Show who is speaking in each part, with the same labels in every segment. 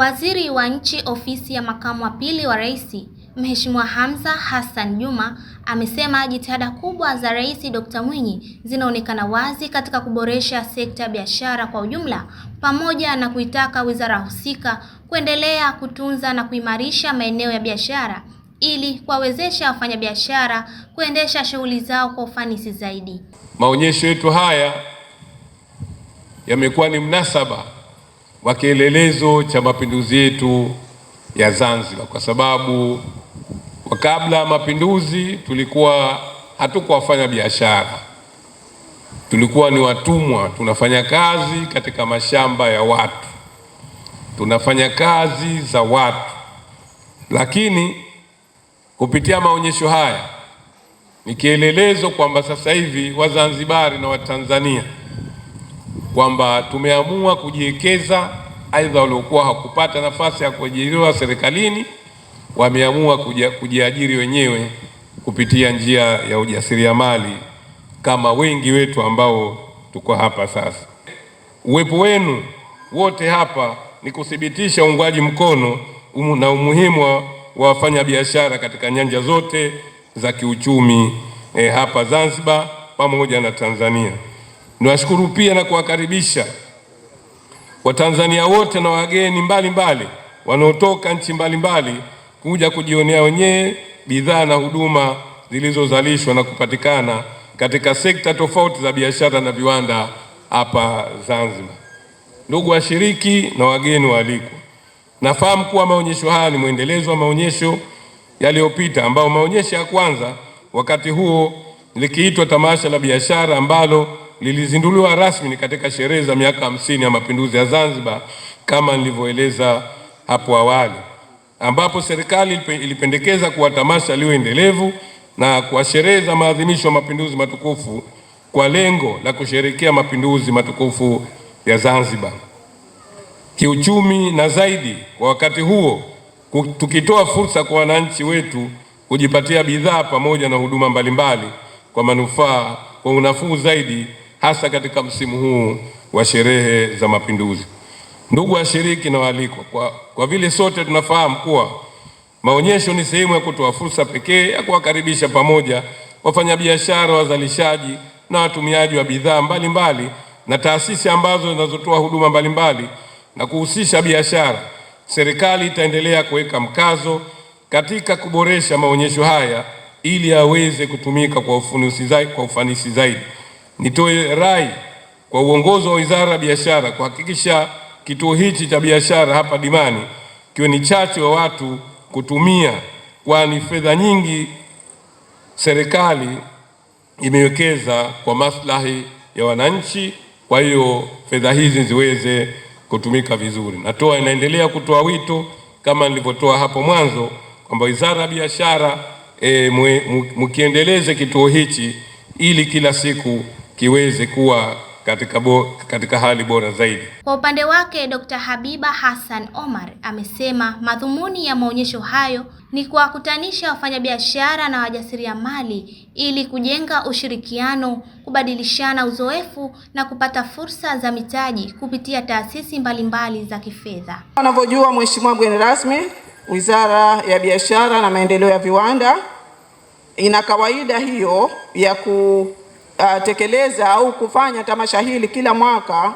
Speaker 1: Waziri wa Nchi Ofisi ya Makamu wa Pili wa Rais, Mheshimiwa Hamza Hassan Juma amesema jitihada kubwa za Rais Dr. Mwinyi zinaonekana wazi katika kuboresha sekta ya biashara kwa ujumla pamoja na kuitaka wizara husika kuendelea kutunza na kuimarisha maeneo ya biashara ili kuwawezesha wafanyabiashara kuendesha shughuli zao kwa ufanisi zaidi.
Speaker 2: Maonyesho yetu haya yamekuwa ni mnasaba wa kielelezo cha mapinduzi yetu ya Zanzibar, kwa sababu kabla ya mapinduzi tulikuwa hatukuwa wafanya biashara, tulikuwa ni watumwa. Tunafanya kazi katika mashamba ya watu, tunafanya kazi za watu, lakini kupitia maonyesho haya ni kielelezo kwamba sasa hivi Wazanzibari na Watanzania kwamba tumeamua kujiwekeza, aidha waliokuwa hakupata nafasi ya kuajiriwa serikalini wameamua kujiajiri wenyewe kupitia njia ya ujasiriamali kama wengi wetu ambao tuko hapa sasa. Uwepo wenu wote hapa ni kuthibitisha uungwaji mkono umu na umuhimu wa wafanyabiashara katika nyanja zote za kiuchumi eh, hapa Zanzibar pamoja na Tanzania. Niwashukuru pia na kuwakaribisha Watanzania wote na wageni mbalimbali wanaotoka nchi mbalimbali kuja kujionea wenyewe bidhaa na huduma zilizozalishwa na kupatikana katika sekta tofauti za biashara na viwanda hapa Zanzibar. Ndugu washiriki na wageni waalikwa, nafahamu kuwa maonyesho haya ni mwendelezo wa maonyesho yaliyopita, ambao maonyesho ya kwanza wakati huo likiitwa tamasha la biashara ambalo lilizinduliwa rasmi katika sherehe za miaka hamsini ya mapinduzi ya Zanzibar kama nilivyoeleza hapo awali, ambapo serikali ilipendekeza kuwa tamasha liwe endelevu na kwa sherehe za maadhimisho ya mapinduzi matukufu kwa lengo la kusherekea mapinduzi matukufu ya Zanzibar kiuchumi na zaidi kwa wakati huo, tukitoa fursa kwa wananchi wetu kujipatia bidhaa pamoja na huduma mbalimbali kwa manufaa kwa unafuu zaidi hasa katika msimu huu wa sherehe za Mapinduzi. Ndugu washiriki na waalikwa, kwa, kwa vile sote tunafahamu kuwa maonyesho ni sehemu ya kutoa fursa pekee ya kuwakaribisha pamoja wafanyabiashara, wazalishaji na watumiaji wa bidhaa mbalimbali na taasisi ambazo zinazotoa huduma mbalimbali na kuhusisha biashara, serikali itaendelea kuweka mkazo katika kuboresha maonyesho haya ili yaweze kutumika kwa ufanisi zaidi. Nitoe rai kwa uongozi wa Wizara ya Biashara kuhakikisha kituo hichi cha biashara hapa Dimani kiwe ni chachu wa watu kutumia, kwani fedha nyingi serikali imewekeza kwa maslahi ya wananchi. Kwa hiyo fedha hizi ziweze kutumika vizuri. Natoa, inaendelea kutoa wito kama nilivyotoa hapo mwanzo kwamba Wizara ya Biashara eh, e, mkiendeleze kituo hichi ili kila siku kiweze kuwa katika, bo, katika hali bora zaidi.
Speaker 1: Kwa upande wake Dr. Habiba Hassan Omar amesema madhumuni ya maonyesho hayo ni kuwakutanisha wafanyabiashara na wajasiriamali ili kujenga ushirikiano, kubadilishana uzoefu na kupata fursa za mitaji kupitia taasisi mbalimbali za kifedha.
Speaker 3: Wanavyojua Mheshimiwa mgeni rasmi, Wizara ya Biashara na Maendeleo ya Viwanda ina kawaida hiyo ya ku uh, tekeleza au kufanya tamasha hili kila mwaka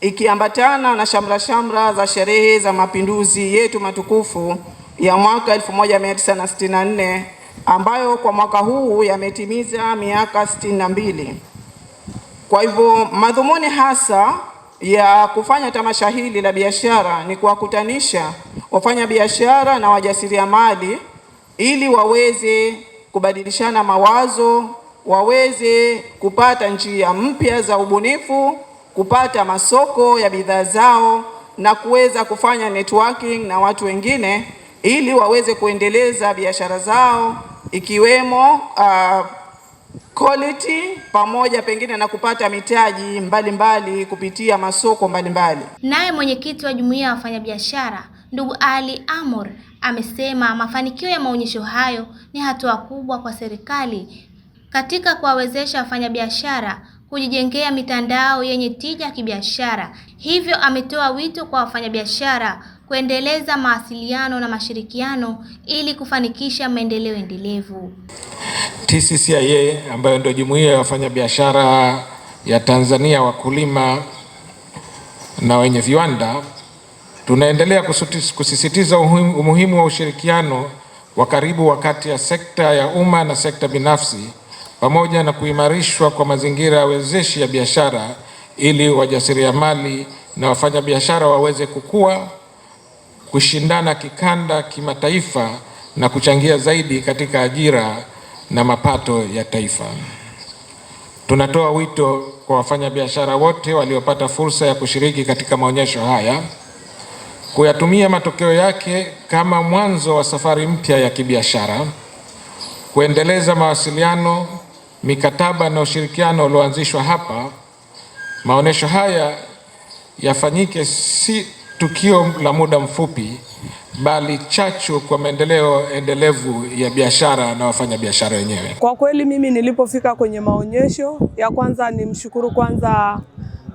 Speaker 3: ikiambatana na shamra shamra za sherehe za mapinduzi yetu matukufu ya mwaka 1964 ambayo kwa mwaka huu yametimiza miaka 62. Kwa hivyo madhumuni hasa ya kufanya tamasha hili la biashara ni kuwakutanisha wafanya biashara na wajasiriamali ili waweze kubadilishana mawazo waweze kupata njia mpya za ubunifu, kupata masoko ya bidhaa zao na kuweza kufanya networking na watu wengine ili waweze kuendeleza biashara zao ikiwemo uh, quality pamoja pengine na kupata mitaji mbalimbali kupitia masoko mbalimbali.
Speaker 1: Naye mwenyekiti wa jumuiya ya wafanyabiashara ndugu Ali Amor amesema mafanikio ya maonyesho hayo ni hatua kubwa kwa serikali katika kuwawezesha wafanyabiashara kujijengea mitandao yenye tija kibiashara. Hivyo ametoa wito kwa wafanyabiashara kuendeleza mawasiliano na mashirikiano ili kufanikisha maendeleo endelevu.
Speaker 4: TCCIA ambayo ndio jumuiya ya wafanyabiashara ya Tanzania, wakulima na wenye viwanda, tunaendelea kusisitiza umuhimu wa ushirikiano wa karibu wakati ya sekta ya umma na sekta binafsi pamoja na kuimarishwa kwa mazingira ya wezeshi ya biashara ili wajasiriamali na wafanyabiashara waweze kukua, kushindana kikanda, kimataifa na kuchangia zaidi katika ajira na mapato ya taifa. Tunatoa wito kwa wafanyabiashara wote waliopata fursa ya kushiriki katika maonyesho haya kuyatumia matokeo yake kama mwanzo wa safari mpya ya kibiashara, kuendeleza mawasiliano mikataba na ushirikiano ulioanzishwa hapa. Maonyesho haya yafanyike si tukio la muda mfupi, bali chachu kwa maendeleo endelevu ya biashara na wafanyabiashara wenyewe.
Speaker 5: Kwa kweli, mimi nilipofika kwenye maonyesho ya kwanza, nimshukuru kwanza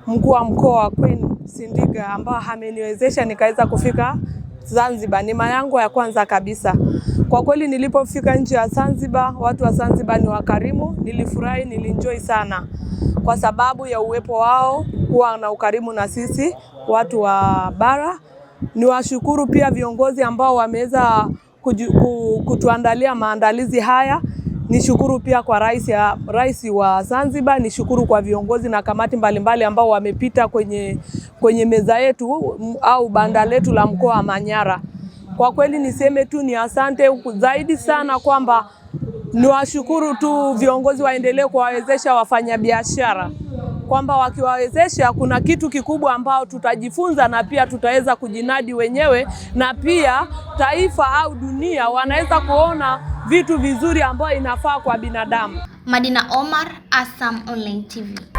Speaker 5: mkuu wa mkoa Queen Sindiga ambaye ameniwezesha nikaweza kufika Zanzibar ni mara yangu ya kwanza kabisa. Kwa kweli nilipofika nje ya Zanzibar, watu wa Zanzibar ni wakarimu, nilifurahi, nilinjoi sana kwa sababu ya uwepo wao kuwa na ukarimu na sisi watu wa bara. Niwashukuru pia viongozi ambao wameweza kutuandalia maandalizi haya. Nishukuru pia kwa rais, ya, rais wa Zanzibar, nishukuru kwa viongozi na kamati mbalimbali ambao wamepita kwenye kwenye meza yetu au banda letu la mkoa wa Manyara. Kwa kweli niseme tu ni asante zaidi sana kwamba niwashukuru tu viongozi waendelee kuwawezesha wafanyabiashara kwamba wakiwawezesha kuna kitu kikubwa ambao tutajifunza na pia tutaweza kujinadi wenyewe, na pia taifa au dunia wanaweza kuona vitu vizuri ambayo inafaa kwa binadamu.
Speaker 1: Madina Omar, Asam Online TV.